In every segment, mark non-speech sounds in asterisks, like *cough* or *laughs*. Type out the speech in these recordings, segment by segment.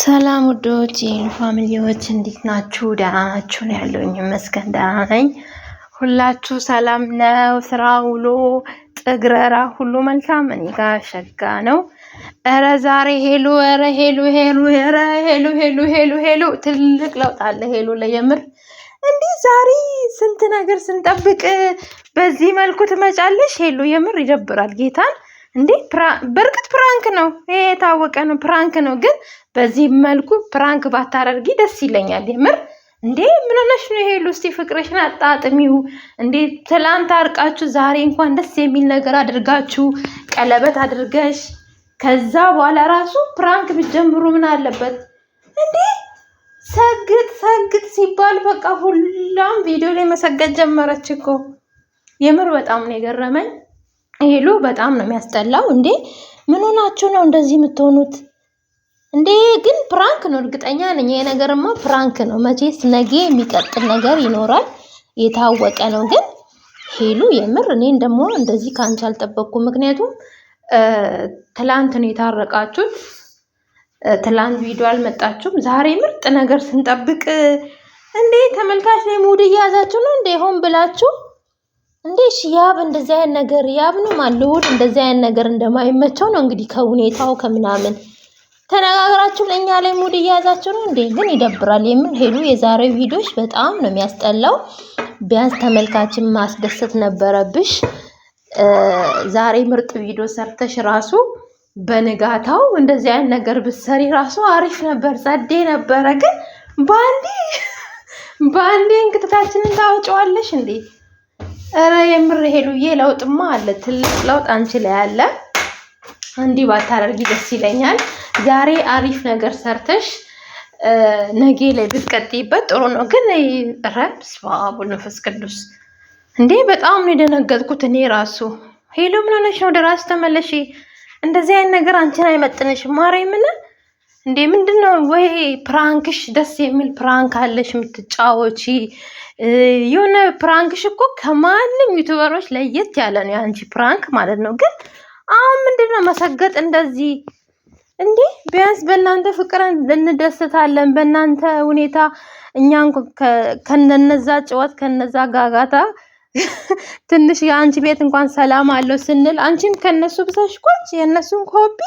ሰላም ውዶች ፋሚሊዎች እንዴት ናችሁ? ደህና ናችሁ? ነው ያለውኝ መስገን ደህና ነኝ። ሁላችሁ ሰላም ነው? ስራ ውሎ ጥግረራ ሁሉ መልካም? እኔ ጋር ሸጋ ነው። ኧረ ዛሬ ሄሉ ኧረ ሄሉ ሄሉ ኧረ ሄሉ ሄሉ ሄሉ ሄሉ ትልቅ ለውጥ አለ ሄሉ ለየምር እንዲህ ዛሬ ስንት ነገር ስንጠብቅ በዚህ መልኩ ትመጫለሽ ሄሉ የምር ይደብራል ጌታን እንዴ በእርግጥ ፕራንክ ነው፣ ይሄ የታወቀ ነው፣ ፕራንክ ነው። ግን በዚህ መልኩ ፕራንክ ባታደርጊ ደስ ይለኛል። የምር እንዴ ምን ሆነሽ ነው? ይሄ ሉስቲ ፍቅርሽን አጣጥሚው እንዴ። ትላንት አርቃችሁ ዛሬ እንኳን ደስ የሚል ነገር አድርጋችሁ ቀለበት አድርገሽ ከዛ በኋላ ራሱ ፕራንክ ብትጀምሩ ምን አለበት እንዴ? ሰግጥ ሰግጥ ሲባል በቃ ሁላም ቪዲዮ ላይ መሰገድ ጀመረች እኮ። የምር በጣም ነው የገረመኝ። ሄሉ በጣም ነው የሚያስጠላው። እንዴ ምን ሆናችሁ ነው እንደዚህ የምትሆኑት? እንዴ ግን ፕራንክ ነው እርግጠኛ ነኝ። ይሄ ነገርማ ፕራንክ ነው። መቼስ ነገ የሚቀጥል ነገር ይኖራል፣ የታወቀ ነው። ግን ሄሉ የምር እኔን ደግሞ እንደዚህ ከአንቺ አልጠበቅኩም። ምክንያቱም ትላንት ነው የታረቃችሁት፣ ትላንት ቪዲዮ አልመጣችሁም። ዛሬ ምርጥ ነገር ስንጠብቅ እንዴ ተመልካች ላይ ሙድ እየያዛችሁ ነው እንዴ ሆን ብላችሁ እንዴ እሺ ያብ እንደዚህ አይነት ነገር ያብንም አልሁድ እንደዚህ አይነት ነገር እንደማይመቸው ነው እንግዲህ ከሁኔታው ከምናምን ተነጋግራችሁ ለእኛ ላይ ሙድ እያያዛችሁ ነው እንዴ? ግን ይደብራል። የምን ሄዱ የዛሬው ቪዲዮች በጣም ነው የሚያስጠላው። ቢያንስ ተመልካችን ማስደሰት ነበረብሽ። ዛሬ ምርጥ ቪዲዮ ሰርተሽ ራሱ በንጋታው እንደዚህ አይነት ነገር ብትሰሪ ራሱ አሪፍ ነበር፣ ጸዴ ነበረ። ግን ባንዴ በአንዴ እንቅጥታችንን ታወጪዋለሽ እንዴ? ኧረ የምር ሄሉዬ ለውጥማ አለ። ትልቅ ለውጥ አንቺ ላይ አለ። እንዲህ ባታደርጊ ደስ ይለኛል። ዛሬ አሪፍ ነገር ሰርተሽ ነጌ ላይ ብትቀጥይበት ጥሩ ነው። ግን ረብስ በአቡነ መንፈስ ቅዱስ እንዴ! በጣም ነው የደነገጥኩት እኔ ራሱ። ሄሎ ምን ሆነሽ ነው? ወደ ራስ ተመለሽ። እንደዚህ አይነት ነገር አንቺን አይመጥንሽ። ምን እንዴ ምንድን ነው ወይ ፕራንክሽ? ደስ የሚል ፕራንክ አለሽ የምትጫወቺ የሆነ ፕራንክሽ እኮ ከማንም ዩቱበሮች ለየት ያለ ነው የአንቺ ፕራንክ ማለት ነው። ግን አሁን ምንድን ነው መሰገጥ እንደዚህ እንዴ? ቢያንስ በእናንተ ፍቅር እንደሰታለን፣ በእናንተ ሁኔታ እኛ ከነነዛ ጭወት ከነዛ ጋጋታ *laughs* ትንሽ የአንቺ ቤት እንኳን ሰላም አለው ስንል አንቺም ከነሱ ብዛሽ ቆጭ የእነሱን ኮፒ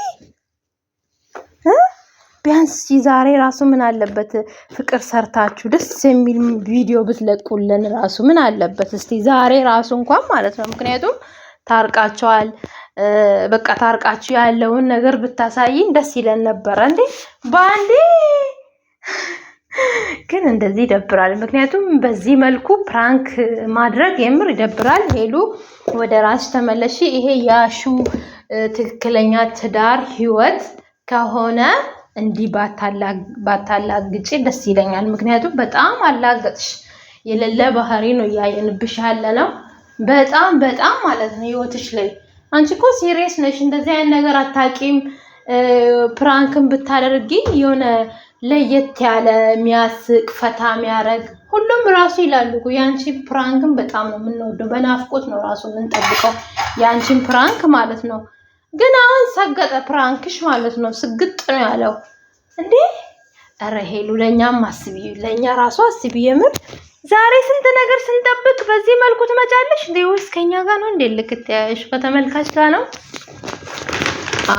ቢያንስ ዛሬ ራሱ ምን አለበት ፍቅር ሰርታችሁ ደስ የሚል ቪዲዮ ብትለቁልን ራሱ ምን አለበት? እስቲ ዛሬ ራሱ እንኳን ማለት ነው። ምክንያቱም ታርቃቸዋል። በቃ ታርቃችሁ ያለውን ነገር ብታሳይን ደስ ይለን ነበረ እንዴ በአንዴ ግን እንደዚህ ይደብራል። ምክንያቱም በዚህ መልኩ ፕራንክ ማድረግ የምር ይደብራል። ሄሉ ወደ ራስ ተመለሺ። ይሄ ያሹ ትክክለኛ ትዳር ህይወት ከሆነ እንዲህ ባታላግጭ ደስ ይለኛል። ምክንያቱም በጣም አላገጥሽ የሌለ ባህሪ ነው እያየንብሽ ያለ ነው። በጣም በጣም ማለት ነው ህይወትሽ ላይ አንቺ እኮ ሲሪየስ ነሽ። እንደዚህ አይነት ነገር አታቂም። ፕራንክን ብታደርጊ የሆነ ለየት ያለ የሚያስቅ ፈታ የሚያደርግ ሁሉም ራሱ ይላሉ የአንቺ ፕራንክን በጣም ነው የምንወደው። በናፍቆት ነው ራሱ የምንጠብቀው የአንቺን ፕራንክ ማለት ነው። ግን አሁን ሰገጠ ፕራንክሽ ማለት ነው። ስግጥ ነው ያለው እንዴ! እረ ሄሉ ለእኛም አስቢ፣ ለእኛ ራሱ አስቢ። የምር ዛሬ ስንት ነገር ስንጠብቅ በዚህ መልኩ ትመጫለሽ እንዴ? ወይስ ከኛ ጋር ነው እንዴ? ልክትያየሽ ከተመልካች ጋር ነው?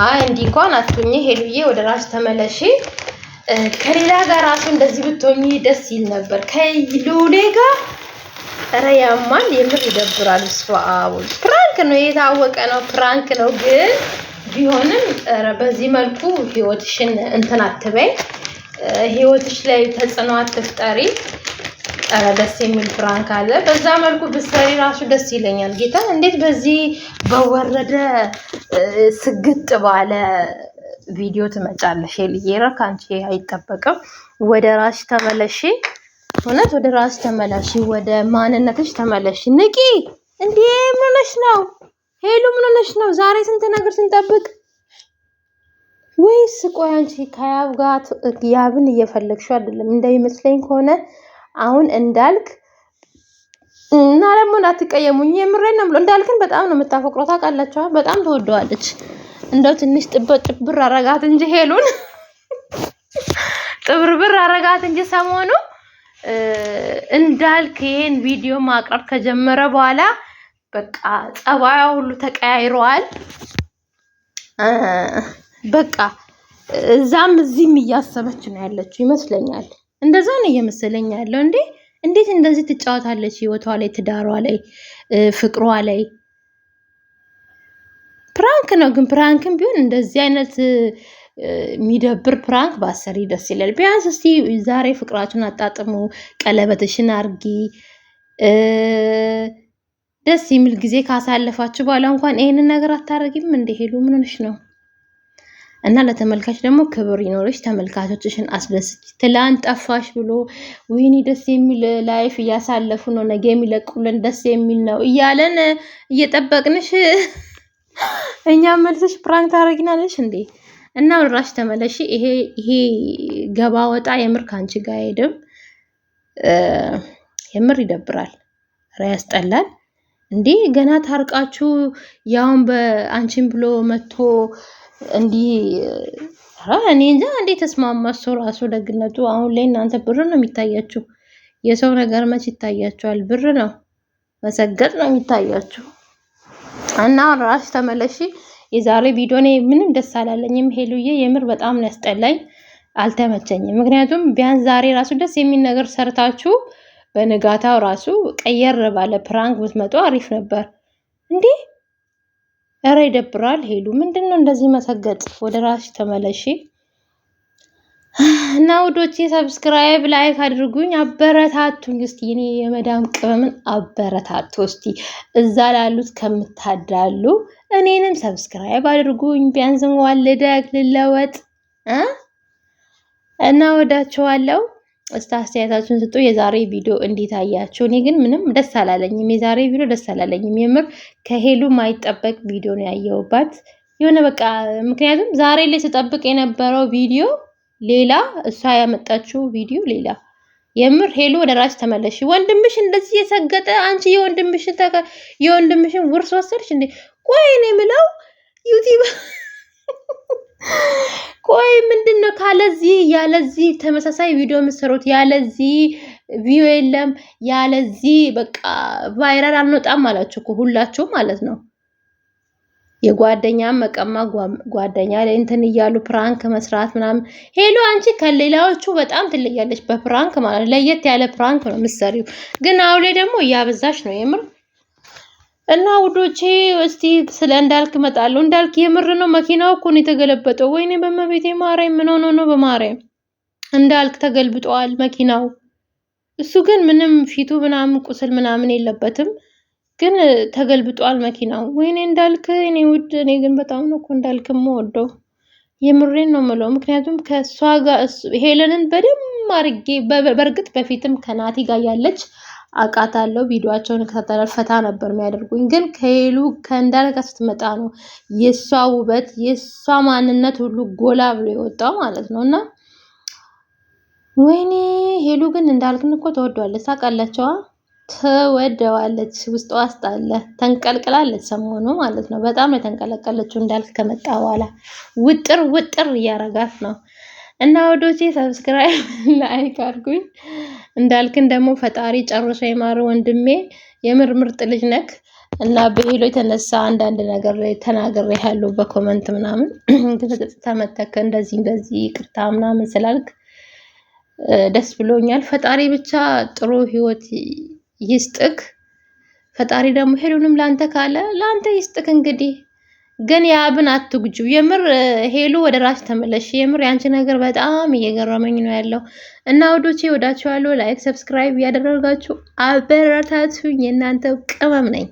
አይ እንዲህ እንኳን አትሁኚ ሄሉዬ፣ ወደ ራሱ ተመለሺ። ከሌላ ጋር ራሱ እንደዚህ ብትሆኚ ደስ ይል ነበር ከሉሌ ጋር ኧረ ያማል፣ የምር ይደብራል። ስዋው ፕራንክ ነው የታወቀ ነው፣ ፕራንክ ነው ግን ቢሆንም ኧረ በዚህ መልኩ ህይወትሽን እንትን አትበይ፣ ህይወትሽ ላይ ተጽዕኖ አትፍጠሪ። ኧረ ደስ የሚል ፕራንክ አለ። በዛ መልኩ ብትሰሪ ራሱ ደስ ይለኛል። ጌታ እንዴት በዚህ በወረደ ስግጥ ባለ ቪዲዮ ትመጫለሽ? የልየራ ከአንቺ አይጠበቅም። ወደ ራስሽ ተመለሺ። እውነት ወደ ራስ ተመለሽ፣ ወደ ማንነትሽ ተመለሽ። ንቂ እንዴ! ምን ሆነሽ ነው ሄሉ? ምን ሆነሽ ነው ዛሬ ስንት ነገር ስንጠብቅ? ወይስ ቆይ አንቺ ከያብ ጋር ያብን እየፈለግሽው አይደለም? እንደሚመስለኝ ከሆነ አሁን እንዳልክ እና ደግሞ እንዳትቀየሙኝ የምሬን ነው ብሎ እንዳልክን በጣም ነው የምታፈቅረው። ታውቃላችሁ፣ በጣም ተወደዋለች። እንደው ትንሽ ጥበት ጥብር አረጋት እንጂ ሄሉን *laughs* ጥብርብር አረጋት እንጂ ሰሞኑ እንዳልክ ይሄን ቪዲዮ ማቅረብ ከጀመረ በኋላ በቃ ጸባያ ሁሉ ተቀያይሯል። በቃ እዛም እዚህም እያሰበች ነው ያለችው ይመስለኛል። እንደዛ ነው እየመሰለኝ ያለው። እንዴ እንዴት እንደዚህ ትጫወታለች? ህይወቷ ላይ፣ ትዳሯ ላይ፣ ፍቅሯ ላይ ፕራንክ ነው። ግን ፕራንክም ቢሆን እንደዚህ አይነት የሚደብር ፕራንክ ባሰሪ ደስ ይላል። ቢያንስ እስቲ ዛሬ ፍቅራችሁን አጣጥሙ፣ ቀለበትሽን አርጊ። ደስ የሚል ጊዜ ካሳለፋችሁ በኋላ እንኳን ይሄንን ነገር አታረጊም እንደ ሄሉ ምንሽ ነው? እና ለተመልካች ደግሞ ክብር ይኖርሽ፣ ተመልካቾችሽን አስደስች። ትላንት ጠፋሽ ብሎ ወይኔ ደስ የሚል ላይፍ እያሳለፉ ነው፣ ነገ የሚለቁልን ደስ የሚል ነው እያለን እየጠበቅንሽ እኛ መልሰሽ ፕራንክ ታደርጊናለሽ እንዴ? እና ራሽ ተመለሽ። ይሄ ይሄ ገባ ወጣ የምር ከአንቺ ጋር አይሄድም። የምር ይደብራል። ኧረ ያስጠላል። እንዴ ገና ታርቃችሁ ያውን በአንቺን ብሎ መጥቶ እንዲህ እኔ እንጃ እንዴ ተስማማ። እሱ ራሱ ደግነቱ አሁን ላይ እናንተ ብር ነው የሚታያችሁ። የሰው ነገር መች ይታያችኋል? ብር ነው መሰገጥ ነው የሚታያችሁ። እና ራሽ ተመለሺ። የዛሬ ቪዲዮ እኔ ምንም ደስ አላለኝም። ሄሉዬ የምር በጣም ነው ያስጠላኝ፣ አልተመቸኝም። ምክንያቱም ቢያንስ ዛሬ ራሱ ደስ የሚል ነገር ሰርታችሁ በንጋታው ራሱ ቀየር ባለ ፕራንክ ብትመጡ አሪፍ ነበር። እንዴ እረ ይደብራል። ሄሉ ምንድን ነው እንደዚህ መሰገጥ? ወደ ራስሽ ተመለሺ። እና ውዶቼ ሰብስክራይብ ላይክ አድርጉኝ፣ አበረታቱኝ። እስቲ እኔ የመዳም ቅመምን አበረታቱ። እስቲ እዛ ላሉት ከምታዳሉ እኔንም ሰብስክራይብ አድርጉኝ። ቢያንስ እንኳን ልደግ ልለወጥ እና ወዳችኋለሁ። እስቲ አስተያየታችሁን ስጡ። የዛሬ ቪዲዮ እንዴት አያችሁ? እኔ ግን ምንም ደስ አላለኝም። የዛሬ ቪዲዮ ደስ አላለኝም። የምር ከሄሉ ማይጠበቅ ቪዲዮ ነው ያየሁባት የሆነ በቃ ምክንያቱም ዛሬ ላይ ስጠብቅ የነበረው ቪዲዮ ሌላ እሷ ያመጣችው ቪዲዮ ሌላ። የምር ሄሎ ወደ ራስ ተመለሽ። ወንድምሽ እንደዚህ የሰገጠ አንቺ የወንድምሽን የወንድምሽን ውርስ ወሰድሽ እንዴ? ቆይ ነው የምለው ዩቲዩብ *laughs* ቆይ ምንድን ነው ካለዚህ ያለዚህ ተመሳሳይ ቪዲዮ የምትሰሩት? ያለዚህ ቪዲዮ የለም፣ ያለዚህ በቃ ቫይራል አንወጣም አላችሁ እኮ ሁላችሁም ማለት ነው። የጓደኛ መቀማ ጓደኛ ላይ እንትን እያሉ ፕራንክ መስራት ምናምን። ሄሉ አንቺ ከሌላዎቹ በጣም ትለያለች በፕራንክ ማለት ለየት ያለ ፕራንክ ነው የምትሰሪው፣ ግን አሁን ላይ ደግሞ እያበዛች ነው የምር። እና ውዶቼ እስቲ ስለ እንዳልክ እመጣለሁ። እንዳልክ የምር ነው መኪናው እኮ ነው የተገለበጠው። ወይኔ በመቤቴ ማርያም፣ ምን ሆኖ ነው በማርያም? እንዳልክ ተገልብጧል መኪናው። እሱ ግን ምንም ፊቱ ምናምን ቁስል ምናምን የለበትም። ግን ተገልብጧል መኪናው። ወይኔ እንዳልክ እኔ ውድ እኔ ግን በጣም ነው እኮ እንዳልክ የምወደው የምሬን ነው ምለው። ምክንያቱም ከእሷ ጋር ሄለንን በደም አርጌ በእርግጥ በፊትም ከናቲ ጋር ያለች አውቃታለሁ። ቪዲዮዋቸውን ከታተላል ፈታ ነበር የሚያደርጉኝ። ግን ከሄሉ ከእንዳልክ ስትመጣ ነው የእሷ ውበት የእሷ ማንነት ሁሉ ጎላ ብሎ የወጣው ማለት ነው እና ወይኔ ሄሉ ግን እንዳልክን እኮ ተወዷለች ታውቃላቸዋ። ትወደዋለች ውስጥ ዋስጥ አለ። ተንቀልቅላለች ሰሞኑ ማለት ነው። በጣም የተንቀለቀለችው እንዳልክ ከመጣ በኋላ ውጥር ውጥር እያረጋት ነው። እና ወዶቼ ሰብስክራይብ፣ *laughs* ላይክ አድርጉኝ። እንዳልክን ደግሞ ፈጣሪ ጨርሶ የማረ ወንድሜ፣ የምር ምርጥ ልጅ ነክ እና በሄሎ የተነሳ አንዳንድ ነገር ተናገር ያሉ በኮመንት ምናምን *clears throat* ተመተከ እንደዚህ እንደዚህ ቅርታ ምናምን ስላልክ ደስ ብሎኛል። ፈጣሪ ብቻ ጥሩ ህይወት ይስጥክ። ፈጣሪ ደግሞ ሄሉንም ላንተ ካለ ላንተ ይስጥክ። እንግዲህ ግን የአብን አትጉጁ። የምር ሄሉ ወደ ራስ ተመለሽ። የምር ያንቺ ነገር በጣም እየገረመኝ ነው ያለው እና ወዶቼ ወዳችኋለሁ። ላይክ ሰብስክራይብ እያደረጋችሁ አበረታቱኝ። የእናንተው ቅመም ነኝ።